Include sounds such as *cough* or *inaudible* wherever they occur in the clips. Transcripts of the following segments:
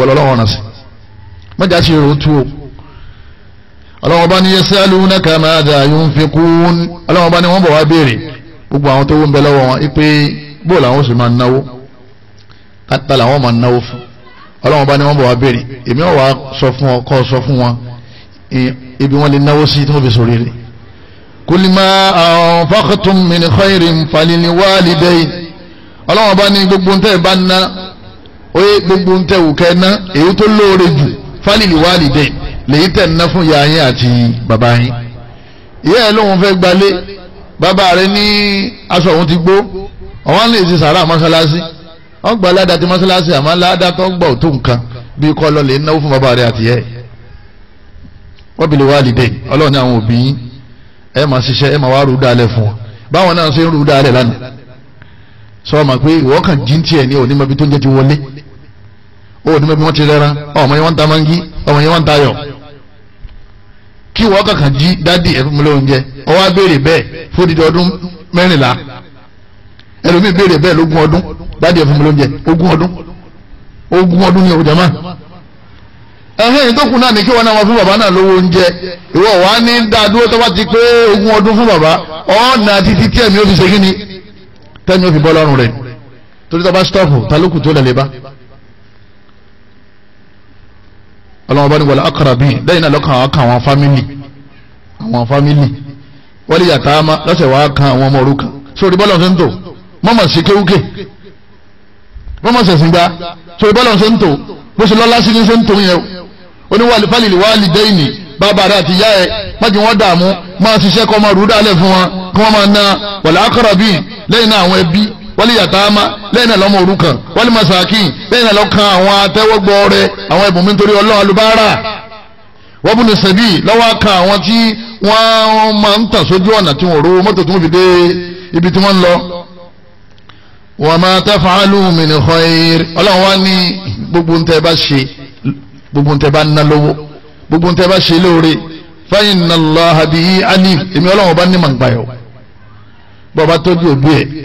wọ́n lọ́wọ́ ọ̀nà sí mọ́jà ṣe rò tú o ọlọ́wọ́ bá ní yasalunaka madha yunfiqun ọlọ́wọ́ bá ní wọ́n bọ̀ wá béèrè gbogbo àwọn tó wọ́n bẹ lọ́wọ́ wọn ipe bóòlù làwọn sì máa náwó kátà làwọn máa náwó fún ọlọ́wọ́ bá ní wọ́n bọ̀ wá béèrè èmi ò wá sọ fún ọ kọ́ sọ fún wọn ibi wọn lè náwó sí tí wọ́n fi sòrí rẹ̀ kul ma anfaqtum min khairin falil walidayn ọlọ́wọ́ bá ní gbogbo ntẹ́ bá ná ó gbogbo ń tẹ òkè ná èyí tó lóore jù fálìlì wálìdẹ lèyí tẹ̀ ná fún ìyá yín àti bàbá yín ìyá ẹ lóun fẹ́ gbalé bàbá rẹ ní aṣọ òun ti gbó ọ̀wọ́n lè ti sàrà mọ́ṣáláṣí wọ́n gba aládàá ti mọ́ṣáláṣí àmọ́ aládàá tó gbọ́ òtó nǹkan bí kọ́ lọ lè náwó fún bàbá rẹ àti ẹ̀ wọ́n bìlẹ̀ ọlọ́run ní àwọn òbí máa ṣiṣẹ́ ẹ máa wá fún báwọn náà ṣe ń lánàá sọ ó ní bí wọ́n ti rẹ́ran ọmọ yẹn wọ́n ń ta mangi ọmọ yẹn wọ́n ń tayọ̀ kí wọ́n kankan jí dádì ẹ̀ fún mi lóúnjẹ ọwọ́ á béèrè bẹ́ẹ̀ fódìdí ọdún mẹ́rìnlá ẹlòmíì béèrè bẹ́ẹ̀ lógún ọdún dádì ẹ̀ fún mi lóúnjẹ ogún ọdún ogún ọdún ni òjàmá ẹ̀hìn ìdókun náà ní kí wọ́n náà wọ́n fún bàbá náà lówó oúnjẹ ìwọ wà á ní dáadúró tó bá ti pé ogún ọdún fún bàbá ọ̀nà títí tí ẹ̀mí ó fi ṣe kí ni tẹ́mi ó fi bọ́ lọ́rùn rẹ̀ torí tó bá stọ́ọ̀fù ta lókùn tó ọlọ́wọ́n bá ní wọlé akarabi lẹ́yìn náà lọ́kàn àwọn kan àwọn fámìlì àwọn fámìlì wọ́n lè yàtá ama lọ́sẹ̀ wàá kan àwọn ọmọ òrukàn sórí bọ́lá ọ̀sẹ̀ ń tò mọ́mọ́ sí kéwúké mọ́mọ́ sẹ̀sìn gbá sórí bọ́lá ọ̀sẹ̀ ń tò bó ṣe lọ́lá sí ní ṣe ń tò yẹn o oníwàlì fálìlì wàhálì dẹ́yìn ní bàbá rẹ àti ìyá ẹ májú wọn dààmú máa ṣiṣẹ́ kọ́ máa rú dálẹ̀ fún wọn kí wọ́n máa ná wọ̀lá akarabi lẹ́yìn náà àwọn ẹbí wọ́n lè yàtàmá lẹ́yìn náà lọ́mọ òrukàn wọ́n lè masaki lẹ́yìn náà lọ́kàn àwọn atẹ́wọ́gbọ́ rẹ àwọn ẹ̀bùnmí nítorí ọlọ́run alubára wọ́n bú ní sẹ́bí lọ́wọ́ kan àwọn tí wọ́n máa ń tàn sójú ọ̀nà tí wọ́n rówó mọ́tò tí wọ́n fi dé ibi tí wọ́n ń lọ. wa ma taf'alu min khair ọlọ́run wá ní gbogbo ń tẹ́ bá gbogbo ń tẹ́ bá ná lówó gbogbo ń tẹ́ bá ṣe lóore fa inna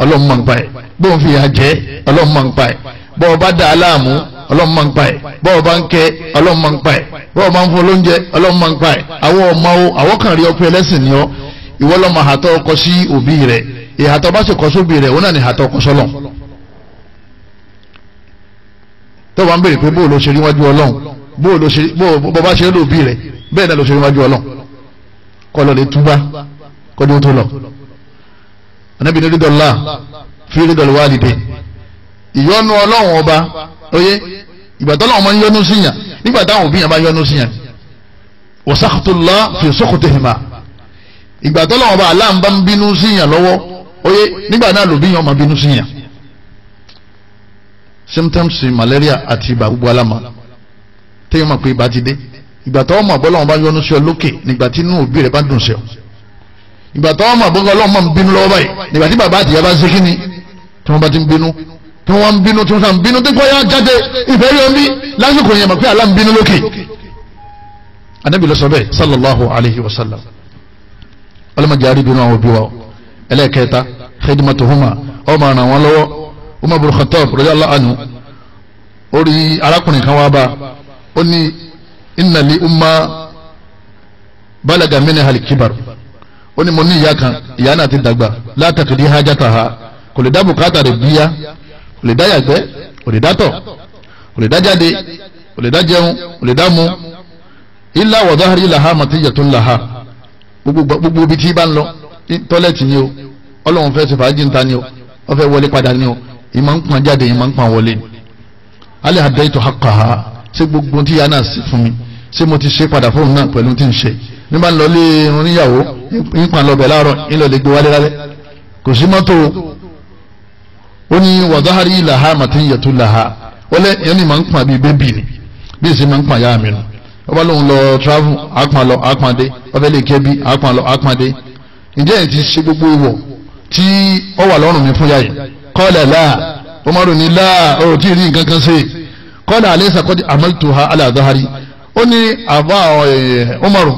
Allaha bóun fi yà jẹ́ ọlọ́run máa ń pa ẹ̀ bọ́ọ̀ bá dà á láàmú ọlọ́run máa ń pa ẹ̀ bọ́ọ̀ bá ń kẹ́ ọlọ́run máa ń pa ẹ̀ bọ́ọ̀ bá ń fún olóúnjẹ ọlọ́run ń pa ẹ̀ àwọn ọmọ o àwọn kan rí ọpẹ ẹlẹ́sìn ni ọ ìwọ lọ́mọ àhàtọ́ ọkọ sí òbí rẹ ìhàtọ́ bá sì kọ sóbì rẹ òun náà ní àhàtọ́ ọkọ sọ́lọ̀ tó bá ń béèrè pé bóò ló ṣe rí wájú ọlọ́run bóò ló ṣe bó bá ṣe rí òbí rẹ bẹ́ẹ̀ náà ló ṣe rí wájú ọlọ́run kọ́ lọ lè túbá kọ́dún tó lọ anábìnrin rídọ́lá fírí dọ̀lù wá dìde ìyọnu ọlọ́run ọba oyé ìgbà tọ́lọ́run máa ń yọnu síyàn nígbà táwọn òbí yẹn máa ń yọnu síyàn wa sakhtullah fi sukhtihima ìgbà tọ́lọ́run ọba aláǹbá ń bínú síyàn lọ́wọ́ oyé nígbà náà lòbí yẹn máa bínú síyàn symptoms malaria àti ibà gbogbo aláma téèyàn mọ̀ pé ibà ti dé ìgbà tọ́wọ́ mọ̀ bọ́lọ́run bá yọnu sí ọ lókè nígbà tí inú òbí rẹ̀ bá dùn sí ọ ìgbà tọ́wọ́ mọ̀ bọ́lọ́run máa ń bínú lọ́wọ́ báyìí nígbà tí bàbá àtìyá bá ń ṣe kí ni tí wọ́n bá ti ń bínú tí wọ́n ń bínú tí wọ́n sàn bínú tí kò yá jáde ìfẹ́ yóò ń bí lásìkò yẹn mọ̀ pé àlá ń bínú lókè anabi lọ sọ bẹ́ẹ̀ sallallahu alayhi wa sallam ọlọ́mọdé àríbínú àwọn òbí wa ẹlẹ́ẹ̀kẹta khidmatuhuma ọmọ ara wọn lọ́wọ́ Umar bin Khattab radiyallahu anhu orí arákùnrin kan wá bá ó ní inna umma balaga minha kibar ó ní mo ní ìyá kan ìyá náà ti dàgbà la taqdi hajataha kò lè dá bùkátà rẹ̀ bíyá kò lè dá yàgbẹ́ kò lè dá tọ̀ kò lè dá jáde kò lè dá jẹun kò lè dá mu ilá wàdáhàrí làhá màtíyàtún làhá gbogbo ibi tí bá ń lọ tọ́lẹ̀tì ni o ọlọ́run fẹ́ ṣe fàájì ń ni o wọ́n fẹ́ wọlé padà ni o ìmọ̀ ń pọn jáde ìmọ̀ ń pọn wọlé ni alẹ́ àdá ètò àkàhà ṣé gbogbo tí yà náà sí fún mi ṣé mo ti ṣe padà fóun náà pẹ̀lú tí ń ṣe nígbà ń lọlé oníyàwó ń pọn lọ bẹ̀ láàárọ̀ ń lè gbé wálé lálẹ́ kò sí mọ́tò ó ní wàdáhárí ìlàhá màtíyàtú làhá ó lẹ ẹni máa ń pọn bíi bébì ni bí èsì máa ń pọn yá mi nù ó bá lóun lọ travel àpọn lọ àpọn dé ọbẹ̀ lè ké bí àpọn lọ àpọn dé ǹjẹ́ ẹ̀ ti ṣe gbogbo ìwọ̀ tí ó wà lọ́rùn mi fún yá yìí kọ́lẹ̀ láà ó má rò ní láà ó tí ì rí nǹkan kan ṣe kọ́lẹ̀ alẹ́ sàkọ́dí àmọ́tò ha aláàdáhárí ó ní àbá ọmọrùn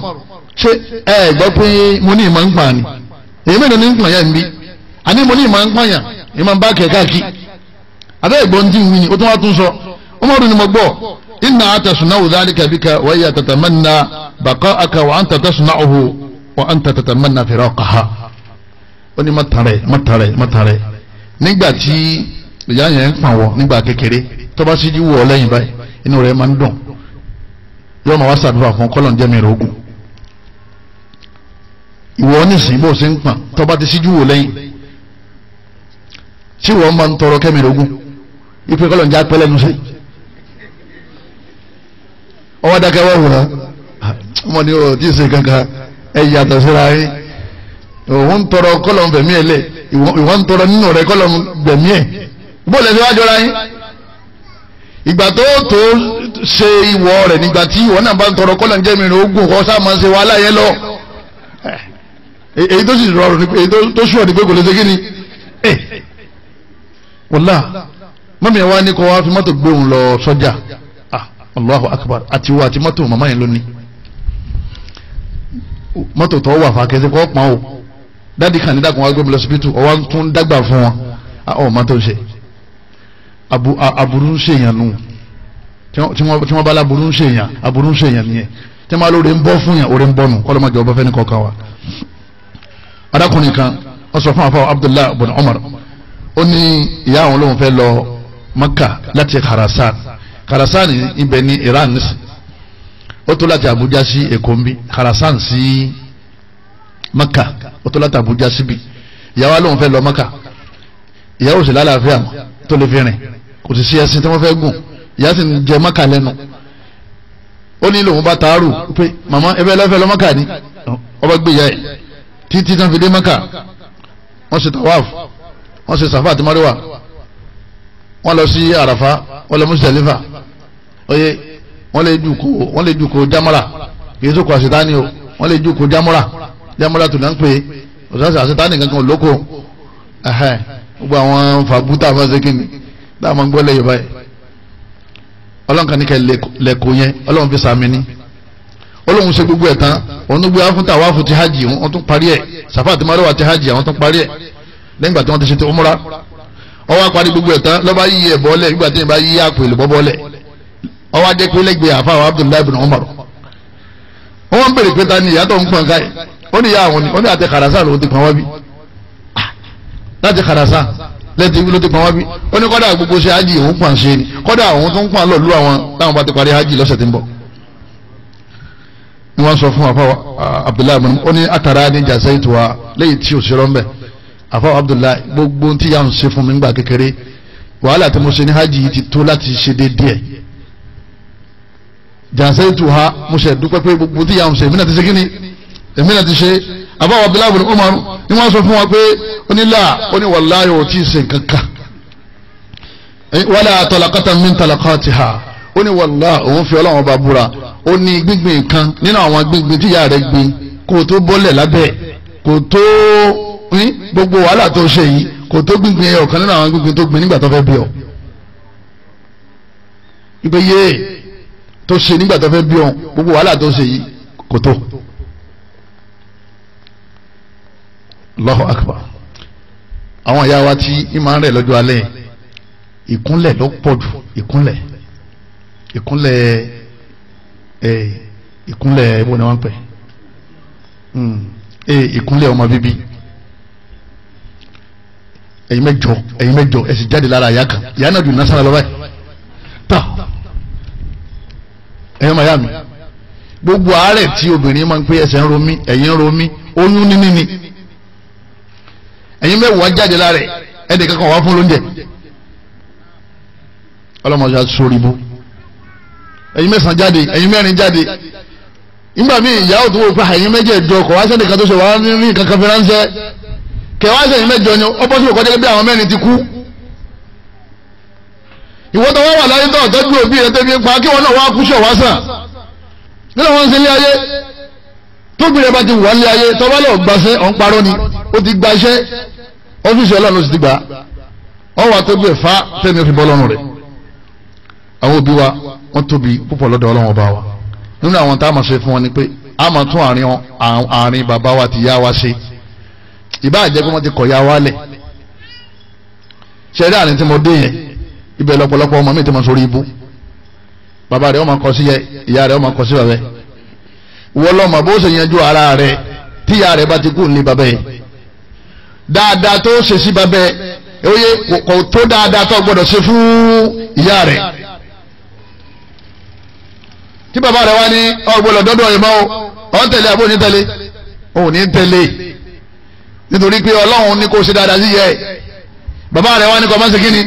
ṣé ẹ gbọ́ pé mo ní ìmọ̀ ń pààyàn èyí mélòó ní ń pààyàn bí àní mo ní ìmọ̀ ń pààyàn ìmọ̀ bá kẹ̀ káàkiri abẹ́ ìgbọ́n tí ń wí ni ó tún wá tún sọ Umaru ni mo gbọ́ inna atasunau dhalika bika wa hiya tatamanna baqa'aka wa anta tasunauhu wa anta tatamanna firaqaha ó ní mọ́tàrẹ́ mọ́tàrẹ́ mọ́tàrẹ́ nígbà tí ìyá yẹn ń pàn wọ nígbà kékeré tó bá síjú wọ̀ lẹ́yìn báyìí inú rẹ̀ máa ń dùn yóò máa wá sàdúrà fún kọ́lọ̀n jẹ́mi rògùn ìwọ nísìnyí bó ṣe ń pàn tó bá ti síjú wọ̀ lẹ́yìn tí wọ́n máa ń tọrọ kẹ́mìrógún ipe kọ́lọ̀ ń já pẹ́ lẹ́nu sí ọwọ́ dákẹ́ wọ́n wùrọ̀ ọmọ ni o tí ì ṣe kankan ẹ yàtọ̀ síra yín òun ń tọrọ kọ́lọ̀ ń bẹ̀mí ẹ̀ lẹ̀ ìwọ́n ń tọrọ nínú rẹ̀ kọ́lọ̀ ń bẹ̀mí ẹ̀ bóòlù ẹ̀ fi ra yín ìgbà tó tó ṣe ìwọ rẹ̀ nígbà tí ìwọ náà bá ń tọrọ kọ́lọ̀ ń jẹ́ ogun kọ́ sáà máa ń ṣe wàhálà yẹn lọ èyí tó sì rọrùn èyí tó sùn ọ̀ wọ́lá mọ́mí ẹ̀ wá ní kọ́ wá fi mọ́tò gbé lọ sọ́jà ah, Allahu akbar àti wo àti mọ́tò màmá yẹn lónìí mọ́tò tó wà fàkẹ́sẹ̀ kọ́ pọ́n o dáàdì kan ní dàgbọ́n wá gbé mi lọ síbítù ọwọ́ tún dàgbà fún wọn ọ̀ mọ́ tó ń ṣe aburú ń ṣèyàn nù tí wọ́n bá láburú ń ṣèyàn aburú ń ṣèyàn nìyẹn tí wọ́n bá lóore ń bọ́ fún yàn oore ń bọ́ nù kọ́lọ́mọdé ọba fẹ́ni ìyá àwọn olóhùn fẹ́ lọ Maka láti Kharasan Kharasan ibẹ̀ ní Iran nísì ó tó láti Abuja sí Èkó ń bí Kharasan sí Maka ó tó láti Abuja síbi ìyàwó olóhùn fẹ́ lọ Maka ìyàwó sì lálàáfíà tó lè fi rìn kò sì sí ẹṣin tí wọ́n fẹ́ gùn ìyá sì ń jẹ Maka lẹ́nu ó ní lòun bá taarù pé màmá ẹbẹ lọ́fẹ́ lọ Maka ni ọba gbé ìyá ẹ̀ títí tán fi dé Maka wọ́n sì tàwáàfù wọ́n ṣe sàfà àti mọ́ríwà wọ́n lọ sí àràfà wọ́n lọ mùsùlùmífà oye wọ́n lè jùkú wọ́n lè jùkú jámọ́ra kìí sókò àṣetáni o wọ́n lè jùkú jámọ́ra jámọ́ra tó náà ń pè é òṣàṣà àṣetáni kankan ò lóko gbogbo àwọn fàbútà fàṣekìnì dáàmú gbọ́ lẹ́yìn báyìí ọlọ́run kan ní kẹ́ lẹ́kọ̀ọ́ yẹn ọlọ́run fi sàmì ní ọlọ́run ṣe gbogbo ẹ̀ tán òun ló gbé wá fún fún ti hajj wọ́n tún parí ẹ̀ sàfà àti mọ́ríwà ti hajj àwọn tún parí ẹ̀ lẹ́yìn ìgbà tí wọ́n ti ṣe ti umra ọwọ́ apari gbogbo ẹ̀ tán lọ́ba yí ẹ̀ bọ́lẹ̀ nígbà tí ìbá yí àpò ìlú bọ́bọ́lẹ̀ ọwọ́ ajẹ́ pé lẹ́gbẹ̀ẹ́ àfa àwọn Abdullahi bin Umar wọ́n bèrè pé ta ni ìyá tó ń pọn káyì ó ní ìyá àwọn ni ó ní àti kàràsà ló ti pọn wá bí ah, láti kàràsà lẹ́tí ló ti pọn wá bí ó ní kọ́dà gbogbo ṣe ájì òun pọn ṣe ni kọ́dà àwọn tó ń pọn lọ́ọ̀lú àwọn táwọn bá ti parí ájì lọ́sẹ̀ tí ń bọ̀ ni wọ́n sọ fún àfa Abdullahi bin ó ní àtàrà ní jàṣẹ́ ìtura lẹ́yìn tí òṣèré afáwọ̀ abdullahi gbogbo tí yà ń ṣe fún mi nígbà kékeré wàhálà tí mo ṣe ní hajj yìí ti tó láti ṣe déédéẹ̀ jàǹsẹ́ tù ha mo ṣe dúpẹ́ pé gbogbo tí yà ń ṣe èmi náà ti ṣe kíni èmi náà ti ṣe afáwọ̀ abdullahi bin umar ni wọ́n sọ fún wa pé onílà oníwàláyò ò tí ì ṣe nǹkan kan wàlẹ́ àtọ̀làkọ́tà min talaqatiha ó ní wàlá òun fi ọlọ́run ọba búra ó ní gbíngbìn kan nínú àwọn gbíngbìn tíyà rẹ̀ gbìn kó tó bọ́lẹ̀ lábẹ́ kó tó ní gbogbo wàhálà tó ṣe yìí kò tó gbìngbìn ẹ ọ̀kan nínú àwọn gbìngbìn tó gbìn nígbà tó fẹ́ bí ọ. ìgbé yé tó ṣe nígbà tó fẹ́ bí ọ gbogbo wàhálà tó ṣe yìí kò tó. Allahu akbar àwọn ìyá wa tí ìmọ̀ rẹ̀ lọ́jọ́ alẹ́ ìkúnlẹ̀ ló pọ̀ jù ìkúnlẹ̀ ìkúnlẹ̀ ẹ̀ ìkúnlẹ̀ ẹ̀ ni wọ́n ń pè hmm, ìkúnlẹ̀ ọmọ bíbí ẹ̀yin mẹ́jọ ẹ̀yin mẹ́jọ ẹ sì jáde lára àyà kan ìyá náà dùn násán lọ́wọ́ ẹ̀ tà ẹ̀yọ́ ya mi gbogbo àárẹ̀ tí obìnrin máa ń pé ẹsẹ̀ ń ro mí ẹ̀yìn ń ro mí oyún níní ni ẹ̀yin mẹ́wàá jáde lára ẹ̀ ẹ̀dẹ̀ kankan wá fún lóúnjẹ ọlọ́mọdé sórí bó ẹ̀yin mẹ́sàn-án jáde ẹ̀yin mẹ́rin jáde nígbà míì ìyá òtún wò pé ẹ̀yin mẹ́jẹ̀ dọkọ̀ wá sẹ́nìkan tó ṣe wàá ní kankan fi ránṣẹ́ kẹwàásẹ̀ yìí mẹ́jọ ni ó bọ́sùn òkọ́jẹ́ bí àwọn mẹ́rin ti kú ìwọ́n tó wọ́n wà láyé tó ọ̀tọ́jú òbí rẹ̀ tẹ́bi pa kí wọ́n náà wá kú ṣọ̀ wá sàn nílò wọn ṣe ilé ayé tóbi rẹ̀ bá ti wà ilé ayé tọ́ba lọ gbaṣẹ́ ọ̀n parọ́ ni ó ti gbaṣẹ́ ọ́fíìsì ọlọ́run ó sì ti gbà ọ́ wà tóbi ẹ̀fá tẹ́mi fi bọ́ lọ́rùn rẹ̀ àwọn òbí wa wọ́n tóbi púpọ̀ lọ́dọ̀ ọlọ́run ọba wa nínú àwọn tá a máa ṣe fún wọn ni pé a máa tún àárín bàbá wa ti yá wa ṣe ìbá àjẹ́ pé wọ́n ti kọ̀ya wálẹ̀ ṣẹ̀rí àní tí mo dé yẹn ibẹ̀ lọ́pọ̀lọpọ̀ ọmọ mi ti mọ sórí ibú bàbá rẹ̀ ọmọ kọ sí yẹ ìyá rẹ̀ ọmọ kọ sí bàbá wọ́n lọ́mọ bó ṣe yanjú ara rẹ̀ tíyà rẹ̀ bá ti kú ní bàbá yẹn dáadáa tó ṣe sí bàbá yẹn oye kò tó dáadáa tó gbọdọ̀ ṣe fún ìyá rẹ̀ tí bàbá rẹ̀ wá ní ọgbọ́n lọ́dọ́dọ́ ìmọ̀ ọ̀ tẹ̀lé àbóyún tẹ̀lé òun tẹ̀lé nítorí pé ọlọ́run ní kó ṣe dáadáa sí yẹ bàbá rẹ̀ wá ní kọ́ mọ́sí kínní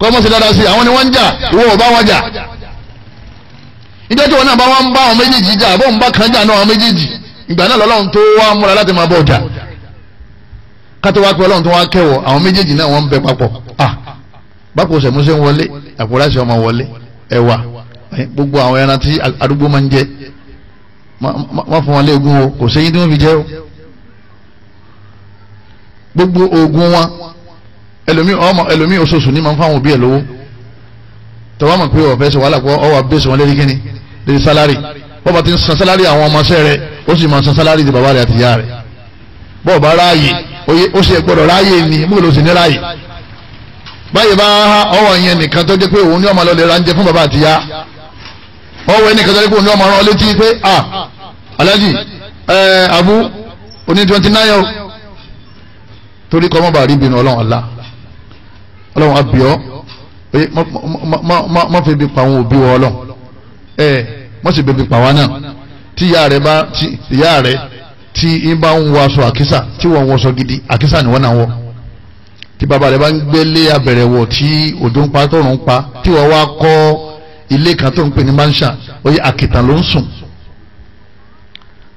kọ́ mọ́sí dáadáa sí àwọn ni wọ́n ń jà ìwọ ò bá wọn jà ìjọ́jọ́ náà bá wọn ń bá àwọn méjèèjì jà bó ń kan jà náà àwọn méjèèjì ìgbà náà lọ́lọ́run tó wá múra láti máa bọ̀ jà kátó wá pé ọlọ́run tó wá kẹwọ̀ àwọn méjèèjì náà wọ́n ń bẹ papọ̀ ah bákò sẹ̀músẹ́ ń wọlé àpòráṣẹ ọmọ wọlé ẹwà gbogbo àwọn ẹran tí arúgbó máa ń jẹ má fún wọn léegun o kò séyìn tí wọ́n fi jẹ́ o gbogbo oògùn wọn ẹlòmíì ọmọ ẹlòmíì oṣooṣù ní ma ń fáwọn òbí ẹ lówó tọwọ́ mọ̀ pé ọ̀fẹ́ sọ wàhálà pọ̀ ọwọ́ abẹ́sọ̀ wọn lérí kíní lérí sálárì bọ́ba ti ń san sálárì àwọn ọmọọṣẹ́ rẹ ó sì máa san sálárì di bàbá rẹ àti ìyá rẹ bọ́ọ̀bá ráàyè ó sì gbọ́dọ̀ ráàyè ni bóyá ló sì ní ráàyè báyìí bá ọwọ́ yẹn nìkan tó jẹ́ pé òun ní ọmọ lọ́lẹ̀ ránjẹ fún bàbá àti ìyá ọwọ́ yẹn nìkan tó jẹ́ pé òun ní ọmọ rán létí pé ah alájì ẹ eh, abu oní twenty nine torí kọ́ mọ́bà rí bínú ọlọ́run ọ̀la ọlọ́run abiọ́ mọ́ fi bí pa àwọn òbí wọ ọlọ́run ẹ mọ́ sì bẹ̀bí pa wá náà tí ìyá rẹ bá tí ìyá rẹ tí ń bá ń wọ aṣọ àkísà tí wọ́n ń wọṣọ gidi àkísà ni wọ́n náà wọ̀ tí bàbá rẹ bá ń gbélé abẹ̀rẹ̀ wọ̀ tí òjò ń pa tọ̀run ń pa tí wọ́n wá kọ́ ilé kan tó ń pè ní mansion oyè àkìtàn ló ń sùn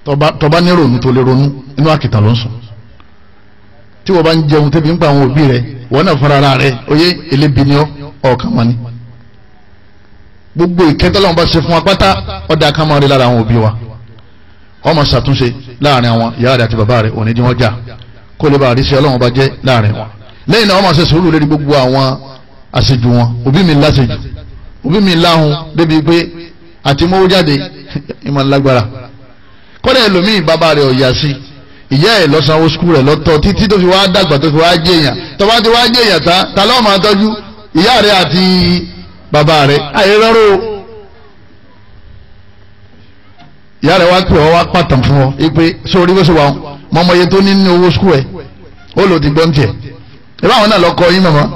tọba tọba ní ronú tó lè ronú inú àkìtàn ló ń sùn tí wọ́n bá ń jẹun tẹ́bi ń pa àwọn òbí rẹ̀ wọ́n náà fara ara rẹ̀ oyé elébi ni ọ̀kan wọn ni gbogbo ìkẹ́tọ́lọ́wọ́n bá ṣe fún wa pátá ọ̀dà kan máa rí lára àwọn òbí wa wọ́n máa ṣàtúnṣe láàrin àwọn ìyá rẹ̀ àti bàbá rẹ̀ òní tí wọ́n jà kó lè bá àríṣe ọlọ́wọ́n bá jẹ́ láàrin wọn lẹ́yìn náà wọ́n máa ṣe sùúrù lórí gbogbo àwọn àṣejù wọn òbí mi láṣejù òbí mi láhùn débi pé àti mówó jáde *laughs* ìmọ̀ lágbára kọ́lẹ̀ ẹlòmíì bàbá rẹ̀ ọ̀yà sí i ìyá ẹ̀ lọ́sànwó skul rẹ̀ lọ́tọ̀ títí tó fi wá dàgbà tó fi wá jẹ́ èèyàn tó bá ti wá jẹ́ èèyàn ta ta ló máa tọ́jú ìyá rẹ̀ àti bàbá rẹ̀ àyè rọ́rọ́ o. ìyá rẹ̀ wá pè ọ́ wá pàtàn fún ọ ipe sórí bó ṣe wà mọ́mọ́ iye tó ní ní owó skul ẹ̀ ó lò ti gbọ́n tiẹ̀ ìbá àwọn náà lọ kọ yín mọ̀mọ́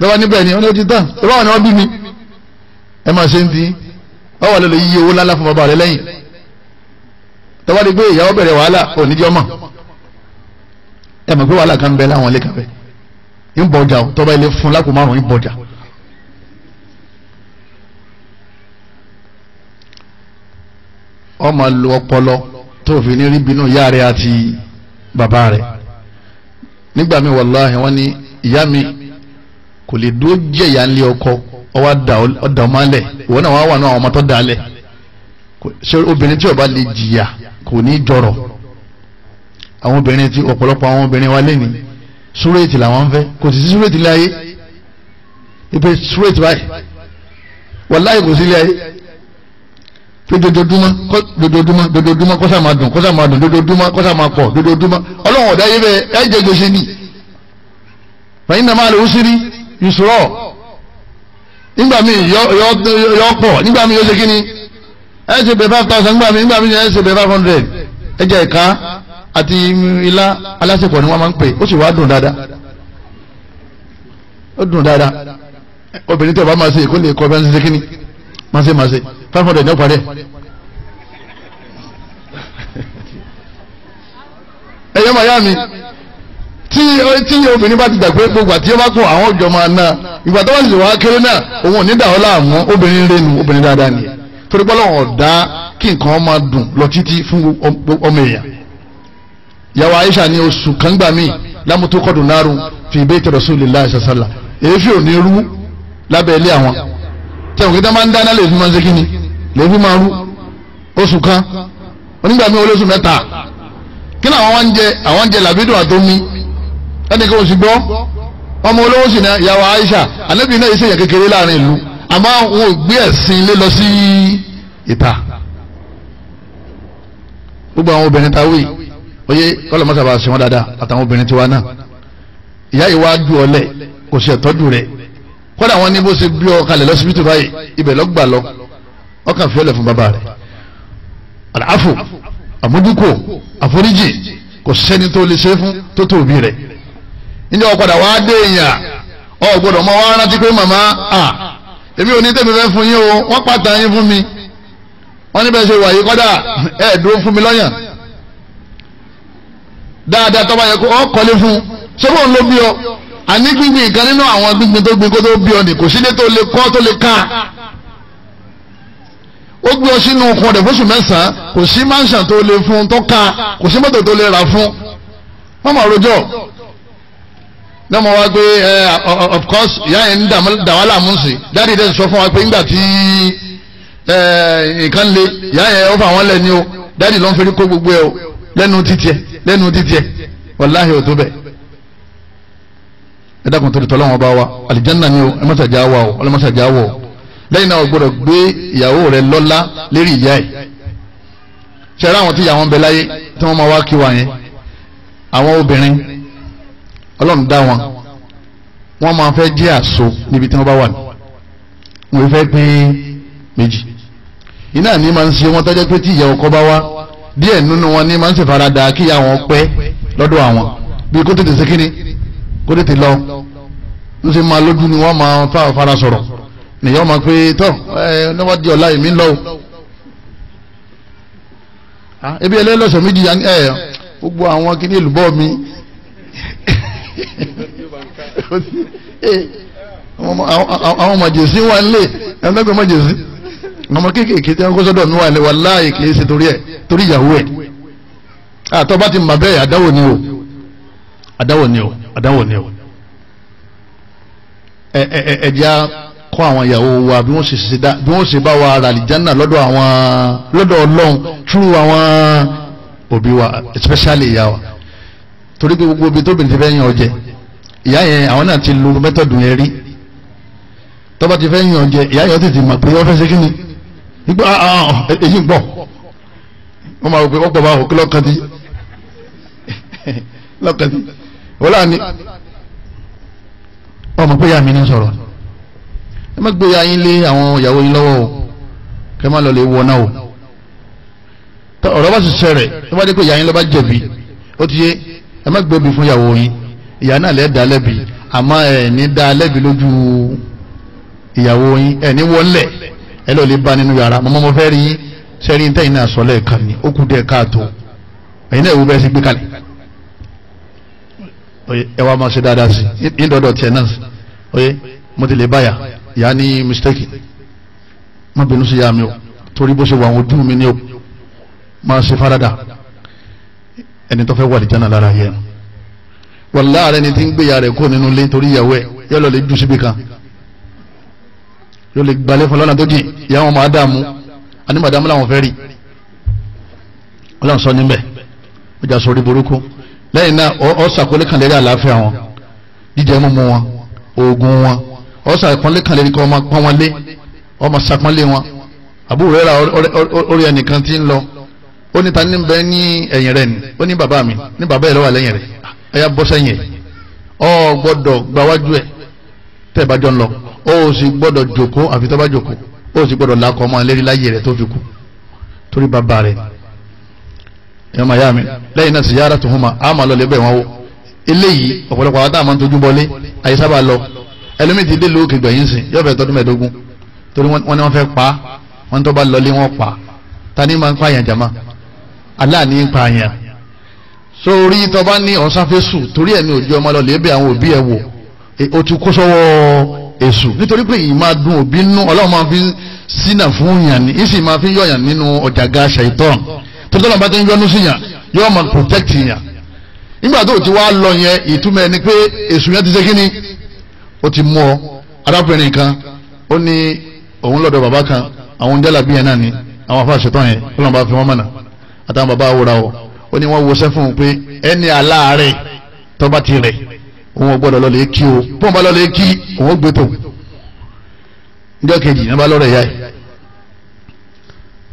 lọ́wọ́ níbẹ̀ ni wọ́n ti tán ìbá àwọn náà bí mi ẹ máa ṣe ń di ọ wà lọ́lọ́ tọ́wọ́ di pé ìyàwó bẹ̀rẹ̀ wàhálà oníjọ́ mọ̀ ẹ mọ̀ pé wàhálà kan bẹ láwọn ilé kàfẹ́ ń bọ̀ ọjà tọ́ba ilé fún lápò márùn-ún ń bọ̀ ọjà. ọmọ lu ọpọlọ tó fi ní rí bínú ìyá rẹ àti bàbá rẹ nígbà mi wàláhì wọn ní ìyá mi kò lè dúró jẹyà ńlẹ ọkọ ọwọ ọdà ọmọ alẹ ìwọ náà wà wà náà ọmọ tó dà alẹ obìnrin tí ó bá lè jìyà kò ní jọrọ̀ àwọn obìnrin ti ọ̀pọ̀lọpọ̀ àwọn obìnrin wa lẹ́ni súrètì làwọn ń fẹ́ kò sì sí súrètì láyé ipe súrètì báyìí wàláyé kò sí ilé ayé pé dojoojúmọ́ dojoojúmọ́ dojoojúmọ́ kọ́sà máa dùn kọ́sà máa dùn dojoojúmọ́ kọ́sà máa pọ̀ dojoojúmọ́ ọlọ́run ọ̀dá yé bẹ́ẹ̀ ẹ jẹ́ gbèsè ni fàyín nàmá al-usri yusra nígbà míì yọ pọ̀ nígbà míì yóò ṣe kí ni ẹ ṣe pé five thousand gbàmí gbàmí ẹ ṣe pé five hundred ẹ jẹ ìka àti ilá alásèpọ̀ ni wọ́n máa ń pè ó sì wá dùn dáadáa ó dùn dáadáa obìnrin tẹ̀ bá máa ṣe ìkólé ẹ̀kọ́ ń ṣe kíní máa ṣe máa ṣe five hundred ní ọ̀pọ̀ rẹ̀ ẹ̀yọ́ màyá mi tí tí obìnrin bá ti dàgbé gbogbo àti ọba kún àwọn ọjọ́ máa ná ìgbà tó wà sí wàá kéré náà òun ò ní dàọ́ láàmú obìnrin rẹ̀ obìnrin dáadáa nìyẹn torí pé Ọlọ́run ọ̀dá kí nǹkan ọmọ dùn lọ títí fún ọmọ èèyàn yàwó Aisha ní oṣù kàngbà míì lámùtò kọ́dùn nárùn fi bayti Rasulillahi sallallahu alaihi wasallam èéfì ò ní rú lábẹ́ ilé àwọn tẹ̀wọ̀n kí tá máa ń dáná lè fi máa ń ṣe kíni lè fi máa rú oṣù kan onígbà míì olóṣù mẹ́ta kí náà àwọn oúnjẹ àwọn oúnjẹ làbídùn àtomi ẹnì kan ò sì gbọ́ ọmọ olówó sì ní yàwó Aisha ànábì náà iṣẹ́ yẹn kékeré láàrin ìlú àmọ́ wọn ò gbé ẹ̀sìn ilé lọ sí ìta gbogbo àwọn obìnrin ta wí oye kọ́lọ̀ mọ́sàbà ṣe wọn dáadáa àtàwọn obìnrin tiwa náà ìyá yìí wá ju ọlẹ̀ kò sí ẹ̀tọ́jú rẹ̀ wọn ní bó ṣe bí ọ kalẹ̀ lọ́sibítù báyìí ibẹ̀ lọ́gbà lọ fi fún bàbá rẹ̀ àlàáfò àmójúkò àforíjì kò sẹ́ni tó lè ṣe fún tó tó òbí rẹ̀ wá dé èèyàn rántí pé màmá èmi ò ní tèmi fẹ́ fún yín o wọ́n pàtà yín fún mi wọ́n níbẹ̀ ṣe wàyí kọ́dà ẹ̀ dúró fún mi lọ́yàn dáadáa tọ́ba yẹ kó ọ́ kọ́lé fún ṣé bóun ló bí ọ àní gbígbin nǹkan nínú àwọn gbígbin tó gbin kó tó bí ọ nì kò sílé tó lè kọ́ tó lè ká ó gbé ọ sínú okun rẹ̀ fóṣù mẹ́sàn-án kò sí mansion tó lè fún tó ká kò sí mọ́tò tó lè rà fún wọ́n mọ̀ náà mo wá gbé ẹ of course ìyá yẹn ń dà wá láàmú sí dáàdi dẹ́sẹ̀ sọ fún wa pé nígbà tí nǹkan le ìyá yẹn ó fà wọ́n lẹ̀ ni o dáàdi ló ń fẹ́rí kó gbogbo ẹ o lẹ́nu títí ẹ lẹ́nu títí ẹ wàláhì ò tó bẹ̀. ẹ dákun torí tọ́lọ́wọ́n bá wa àlìjánná ni o ẹ mọ́sàjà wa o ọlọ́mọ́sàjà wọ̀ o lẹ́yìn náà o gbọ́dọ̀ gbé ìyàwó rẹ lọ́lá lérí ìyá ẹ̀ ṣẹ́ra àwọn tí ìyàwó ń bẹ láyé tí wọ́n máa wá kí wa yẹn àwọn obìnrin ọlọ́run dá wọn wọ́n máa fẹ́ jẹ́ àṣọ níbi tí wọ́n bá wà ní wọ́n fẹ́ pé méjì iná ní máa ń ṣe wọ́n tọ́jọ́ pé tí ìyá ọkọ bá wá díẹ̀ nínú wọn ní máa ń ṣèfaradà kí àwọn pẹ́ lọ́dọ̀ àwọn bí kó tètè sékíní kó tètè lọ ń ṣe máa lójú ni wọ́n máa fara sọ̀rọ̀ nìyọ́ máa pé tọ́ ẹ níwá ọ̀la èmi lọ ah, ebi ẹlẹ́lọ́sọ̀ méjì ẹ gbogbo àwọn kìíní àwọn màjèsí wà nílé ẹgbẹ́gbẹ́ màjèsí ọmọ kéékèèké tí wọ́n kó sọ́dọ̀ níwà ní wàláhì kìí ṣe torí ẹ̀ torí ìyàwó ẹ̀ àtọ́ ah, bá ti mà bẹ́ẹ̀ àdáwò ni o àdáwò ni o àdáwò ni o ẹ̀já kọ́ àwọn ìyàwó wa bí wọ́n ṣe bá wa ra àlìjánà lọ́dọ̀ àwọn lọ́dọ̀ ọlọ́run túrú àwọn òbí wa especially ìyá wa torí pé gbogbo ibi tóbi ti fẹ́ yan ọjẹ ìyá yẹn àwọn náà ti lu mẹ́tọ̀dù yẹn rí tọ́ba ti fẹ́ yan ọjẹ ìyá yẹn tètè mọ̀ pé wọ́n fẹ́ ṣe kí ni nígbà èyí ń gbọ́ wọ́n máa wò pé *laughs* wọ́n gbọ́ bá òkú lọ́kàn tí lọ́kàn tí wọ́n láà ọmọ pé ìyá mi ní sọ̀rọ̀ ẹ má gbé ya lé àwọn ìyàwó yín lọ́wọ́ o kẹ́ má lọ lè wọ náà o ọ̀rọ̀ bá sì ṣẹlẹ̀ tó dé pé ìyá yín lọ́ bá jẹ̀bi ó ti yé ẹ má gbẹ̀bí fún ìyàwó yín ìyá náà lẹ́ẹ̀ dá lẹ́bi àmọ́ ẹ̀ ní dá lẹ́bi lójú ìyàwó yín ẹ̀ ní wọlé ẹ lọ́ọ́ lè bá nínú yàrá mọ́mọ́ mo fẹ́ rí yín sẹ́rí ní tẹ́yìn náà sọ lẹ́ẹ̀kan ni ó kù díẹ̀ káàtó ẹ̀yin náà ìwú bẹ́ẹ̀ sí gbé kalẹ̀ ẹ wá máa ṣe dáadáa sí i dọ́dọ̀ tiẹ̀ náà oye mo ti lè báyà ìyá ní mistake má bínú sí ìyá mi o torí bó ṣe wà àwọn ojú mi ni o máa ṣe farada ẹni tó fẹ́ wà lìjánà lára yẹn wàlá rẹ ni ti ń gbéya rẹ kó nínú ilé nítorí ìyàwó ẹ yóò lọ lè ju síbi kan yóò lè gbalẹ̀ fún lọ́nà tó jìn ìyá wọn máa dààmú àní màdàmú làwọn fẹ́ rí ọlọ́run sọ níbẹ̀ ọjà sórí burúkú lẹ́yìn náà ọ sàkólé kan lérí àlàáfíà wọn jíjẹ mímu wọn oògùn wọn ọ sàkólé kan lérí kọ́ ọmọ pọ́n ọmọ sàkólé wọn àbúrò rẹ̀ ra orí ẹnìkan ti ń lọ ó ní ta ní bẹ ní ẹ̀yìn rẹ ni ó ní bàbá mi ní bàbá ẹ̀ lọ́wọ́ lẹ́yìn rẹ ẹ̀yà bọ́ sẹ́yìn ẹ̀ ọ gbọ́dọ̀ gbawájú ẹ̀ tẹ́ ẹ bá jọ ń lọ ó sì gbọ́dọ̀ jòkó àfi tó bá jòkó ó sì gbọ́dọ̀ làkọ́ ọmọ ẹlẹ́rìí láyé rẹ̀ tó fi kú torí bàbá rẹ̀ ẹ̀ ọmọ ìyá mi lẹ́yìn náà sì yára tó hùmà á máa lọ lé bẹ́ẹ̀ wọn wò eléyìí ọ̀pọ̀lọpọ̀ àwọn táwọn tójú bọlé àyíṣábà lọ ẹlòmíì ti dé lóòkè gbẹ̀yìn sìn yóò fẹ́ tọdún mẹ́ẹ̀ẹ́dógún torí wọ́n ní wọ́n fẹ́ pa wọ́n tó bá lọlé wọ́n pa ta ni máa ń pààyàn jàmá aláàní ń pa àyàn sórí tó bá ní ọ̀sánfẹ́sù torí ẹ̀mí òjò ọmọ lọ lébẹ̀ àwọn òbí ẹ̀ wò e, o ti kó sọ́wọ́ èṣù nítorí pé yìí máa dùn òbí nú ọlọ́run máa fi sínà fún yàn ní ìsìn máa fi yọ̀yàn nínú ọ̀jàgà ṣàìtọ́n tó tọ́lọ̀ bá ti ń yọnu sí yàn yọ́ máa protect yàn nígbà tó ti wá lọ yẹn ìtumọ̀ ẹni pé èṣù yẹn ti ṣe kíni ó ti mú arábìnrin kan ó ní òun lọ́dọ̀ bàbá kan àwọn jálàbí yẹn náà ni àwọn afáṣetán yẹn ọlọ́run fi wọ́n mọ̀nà àtàwọn bàbá awòrà o ó ní wọ́n wọṣẹ́ fún un pé ẹni aláàárẹ̀ tọ́ba ti rẹ̀ òun ò gbọ́dọ̀ lọ lè kí o bọ́n bá lọ lè kí òun ò gbé tó níjọ́ kejì ní bá lọ́rọ̀ ìyá ẹ̀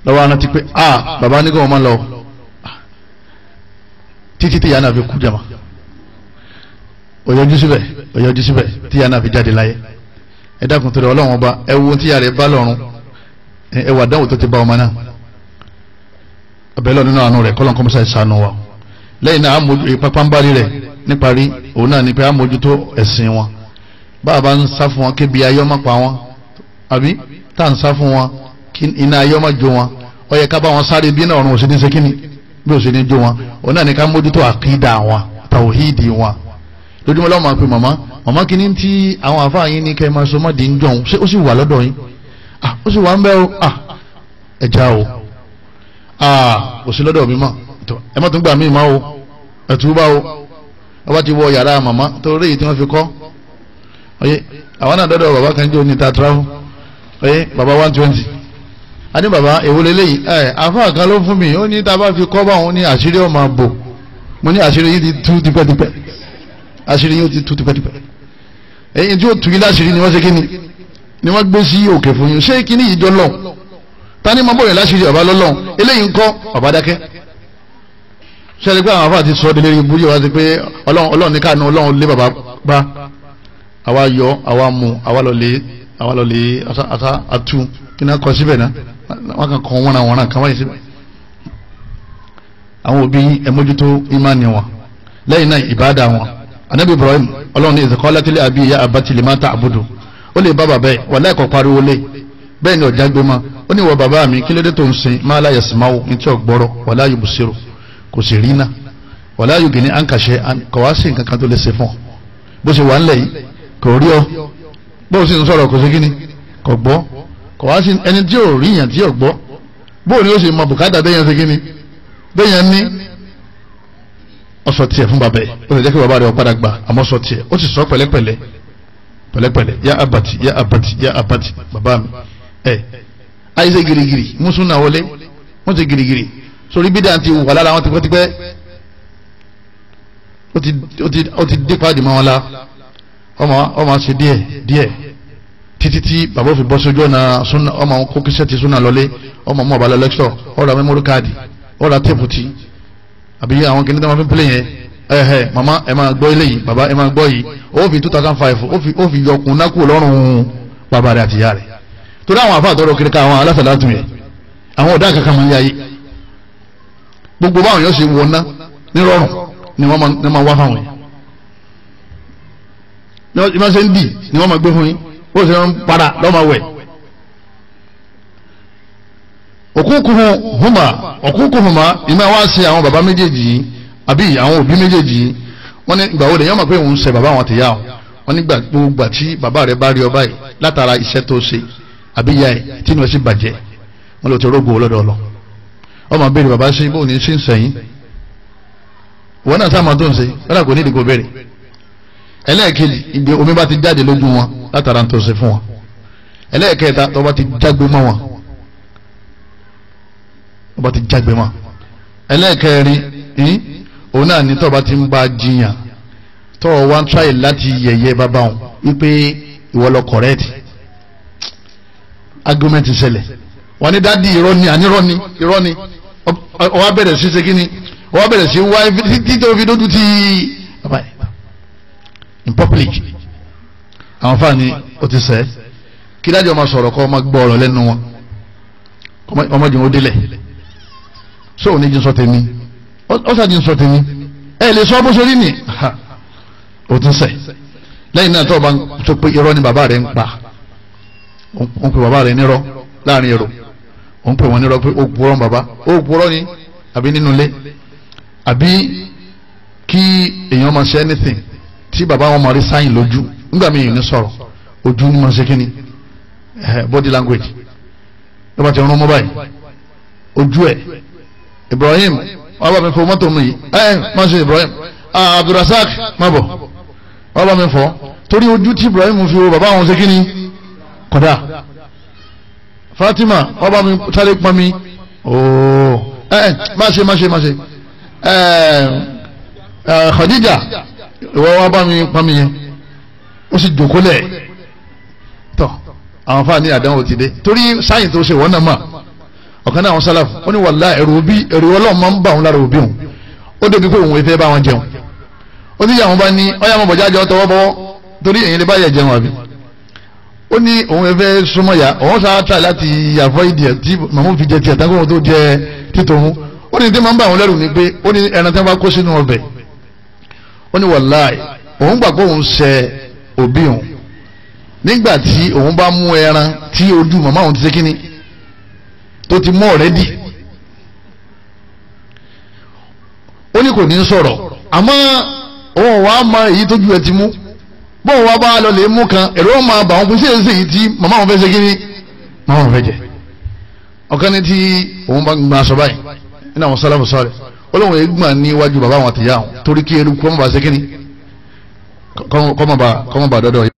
lọ́wọ́ aná ti pé a bàbá ní kí wọ́n máa lọ títí tíyà náà fi kú jama òyọjú síbẹ̀ òyọjú síbẹ̀ tíyà náà fi jáde láyé ẹ dákun torí ọlọ́run ọba ẹ wo tíyà rẹ̀ bá lọ́run ẹ wà dánwò tó ti bá ọmọ náà abẹ́lẹ́ nínú àánú rẹ̀ kọ́lọ́n kọ́mọ́sá ìsànú wa lẹ́yìn náà pápánbárí rẹ̀ níparí òun náà ni pé a mójútó ẹ̀sìn wọn bá a bá ń sá fún wọn kébi ayé ọmọ pa wọn àbí tá à ń sá fún wọn kí iná ayé jó wọn ó yẹ ká bá wọn sáré bí náà ọ̀run ò sí ní sekínì bí ò sí ní jó wọn òun náà ni ká mójútó àkídà wọn tàwíìdì wọn lójúmọ́ lọ́wọ́ máa pe màmá màmá kìíní tí àwọn àfáà yín ní kẹ́ máa so mọ́ di ń jọ̀hún ó sì wà aa ah, kò sí lọ́dọ̀ mi mọ́ ẹ má tún gbà mí máa o ẹ̀tú bá o ẹ bá ti wọ yàrá màmá torí èyí tí wọ́n fi kọ́ oye àwọn náà dọ́dọ̀ bàbá kan jẹ́ oní tatra o oye bàbá one twenty a ní bàbá èwo leléyìí ẹ eh, àfáà kan ló fún mi ó ní tá a bá fi kọ́ báwọn ní àṣírí ọ̀ máa bò mo ní àṣírí yìí ti tú tipẹ́tipẹ́ àṣírí yìí ti tú tipẹ́tipẹ́ èyí tí ó tù yín láṣírí ni wọ́n ṣe kí ni ni wọ́n gbé sí òkè fún yín ṣé kí ni ìjọ lọ́wọ́ tani máa bọ̀yàn láti ṣe ọba lọ́lọ́run eléyìí ń kọ́ ọba dákẹ́ sẹ́ni pé àwọn afa ti sọ délé ibú yẹ wá sí pé ọlọ́run ní káàánú ọlọ́run lé bàbá bá àwa yọ àwa mu àwa lọ lé àwa lọ lé asa atu kí náà kọ síbẹ̀ náà wọn kàn kàn wọnà wọnà kàn wáyé síbẹ̀ àwọn òbí ẹ mójútó ìmánì wọn lẹ́yìn náà ìbáàdà wọn anabi ibrahim ọlọ́run ní ìsèkọ́látìlẹ̀ àbí ìyá abatilẹ̀ máa ta àbúdù ó lè bá bàbá ẹ̀ wà láìkọ̀ pariwo lé bẹ́ẹ̀ ni ọ̀já gbé máa ó ní ìwọ bàbá mi kí ló dé tó ń sin máa láyà sí máa wò ní tí ò gbọ́rọ̀ wà láyò bùsírò kò sì rí iná wà láyò gìní à ń kàṣẹ kò wá sí nǹkan kan tó lè ṣe fún ọ bó ṣe wà ń lẹ̀ yìí kò rí ọ bó o sì ń sọ̀rọ̀ kò sí kíni kò gbọ́ kò sí ẹni tí ò rí yàn tí ò gbọ́ bó o ó sì mọ bùkátà bẹ́yẹn sí kíni bẹ́yẹn ní ọsọ tiẹ̀ fún bàbá yìí ó sì jẹ́ kí bàbá rẹ̀ padà gbà àmọ́ sọ tiẹ̀ ó sì sọ pẹ̀lẹ́pẹ̀lẹ́ pẹ̀lẹ́pẹ̀lẹ́ yá abati yá abati yá abati bàbá mi ẹ̀ àyíṣe girigiri mùsùlùmí wọlé wọ́n ti girigiri sórí bídà ti wà lára wọn tipẹ́tipẹ́ ó ti dípa dìmọ́ wọn la ọmọ ọmọ ṣe díẹ̀ díẹ̀ títí tí bàbá òfin bọ́ sójú ọ̀nà súnà ọmọ kó kíṣẹ́ ti súnà lọlé ọmọ ọmọ ọba lọ lẹ́kṣọ̀ ọ̀rọ̀ mẹ́mórì káàdì ọ̀rọ̀ téèpù tí àbí àwọn kìnìún tí wọ́n fi ń pèlè yẹn ẹ̀hẹ̀ màmá ẹ̀ máa gbọ́ ilé yìí bàbá máa gbọ́ yìí ó fi two thousand five ó fi yọkùn nákù lọ́rùn bàbá rẹ̀ àtìyá rẹ̀ torí àwọn àfa àtọ́rọ̀ kiri ká àwọn alásàlátù yẹn àwọn ọ̀dà kankan máa ń yáyé gbogbo báwọn yóò ṣe wọná nírọ̀rùn ni wọ́n máa wá fáwọn yẹn ní wọ́n ṣe ń dì ni wọ́n máa gbé fún yín ó sì ń para lọ́mọ wẹ̀ òkúnkùnhùn hùmà òkúnkùnhùn mà ìmọ̀ wá sí àwọn bàbá méjèèjì yìí àbí àwọn òbí méjèèjì yìí wọ́n ní ìgbà wo lè yọ́n mọ̀ pé òun ṣe bàbá àwọn àbíyá ẹ̀ tí wọ́n sì bàjẹ́ wọ́n lọ ti rógò lọ́dọ̀ lọ ọmọ béèrè bàbá sí bóun ní sí ń sẹ́yìn wọn náà sáà máa tó ń ṣe wọn náà kò ní ìdìbò béèrè ẹlẹ́ẹ̀kejì ìgbé omi bá ti jáde lójú wọn látara ń tó ṣe fún wọn ẹlẹ́ẹ̀kẹta tó bá ti jágbe mọ́ wọn tó bá ti jágbe mọ́ ẹlẹ́ẹ̀kẹrin ní òun náà ní tó bá ti ń bá jiyàn tó wá ń tíráyè láti yẹ̀yẹ́ bàbá wọn wípé ìwọ lọ kọ̀rẹ́ẹ̀tì agreement ṣẹlẹ̀ wọ́n ní dádì irọ́ ni àní irọ́ ni irọ́ ni ọwọ́ bẹ̀rẹ̀ sí ṣe kíni ọwọ́ bẹ̀rẹ̀ sí wá títí òfin dójú ti bàbá in public àwọn fáàní ó ti sẹ́ kí dájọ́ máa sọ̀rọ̀ kọ́ ọmọ gbọ́ ọ̀rọ̀ lẹ́nu wọn ọmọdé wọn délẹ̀ so òní jí ń sọ tèmi ó sàdí ń sọ tèmi ẹ lè sọ bó ṣe rí ni ó ti sẹ́ lẹ́yìn náà tó o bá ń sọ pé irọ́ ni bàbá rẹ̀ ń pa òun pè bàbá rẹ̀ nírọ́ láàrin èrò òun pè wọ́n nírọ́ pé ó gbúrọ́ bàbá ó gbúrọ́ ni àbí nínú ilé àbí kí èèyàn máa ṣe anything tí bàbá wọn máa rí sáyìn lójú nígbà míì ní sọ̀rọ̀ ojú ni máa ṣe kí eh, body language ló bá ti rún mọ́ ojú ẹ̀ Ibrahim wọ́n bá mi fọ mọ́tò mi yìí eh, máa ṣe Ibrahim ah, Abdulrasaq má bọ̀ wọ́n bá mi fọ́ torí ojú tí Ibrahim fi wo bàbá wọn ṣe kí kódà Fatima ọba mi sáré pọn mi ooo ẹ má ṣe má ṣe má ṣe ẹ Khadija ìwọ wa bá mi pọn mi yẹn ó sì jòkó lẹ̀ tọ àwọn fáàní àdánwò ti dé torí sáyìn tó ṣe wọn náà mà ọ̀kan náà àwọn sálàfù ó ní wàlá ẹ̀rù òbí ẹ̀rù ọlọ́run máa ń bà wọn lára òbí òun ó débi pé òun ìfẹ́ bá wọn jẹun ó ní ìyàwó bá ní ọyá mọ̀bọ̀jáde ọ̀tọ̀wọ́ bọ́wọ́ torí èyí lè bá yẹ jẹun àbí ó ní òun fẹ́ súnmọ́ ya òun sáà tà láti yàfọ́ ìdí ẹ̀ tí màmú fi jẹ tiẹ̀ tágbọ́n tó jẹ títòun ó ní tí máa ń bá àwọn lẹ́rù ni pé ó ní ẹran tí wọ́n bá kó sínú ọbẹ̀ ó ní wàláì òun gbà pé òun ṣẹ òbí òun nígbà tí òun bá mú ẹran tí ojú màmá òun ti ṣe kínní tó ti mọ́ ọ̀rẹ́dì ó ní kò ní sọ̀rọ̀ àmọ́ òun wàá mọ èyí tójú ẹ ti mú bóun wá bá lọ lè mú kan èrò wọn máa bà wọn pín sí èsì yìí tí màmá wọn fẹ́ ṣe kíní màmá wọn fẹ́ jẹ ọ̀kan ní tí òun bá gbà aṣọ báyìí nínú àwọn sálàmù sọ́ọ̀rẹ́ olóhùn egbà níwájú bàbá àwọn àtìyá àwọn torí kí eruku ọmọ bá ṣe kíní kọ́mọ bá dọ́dọ̀ yìí.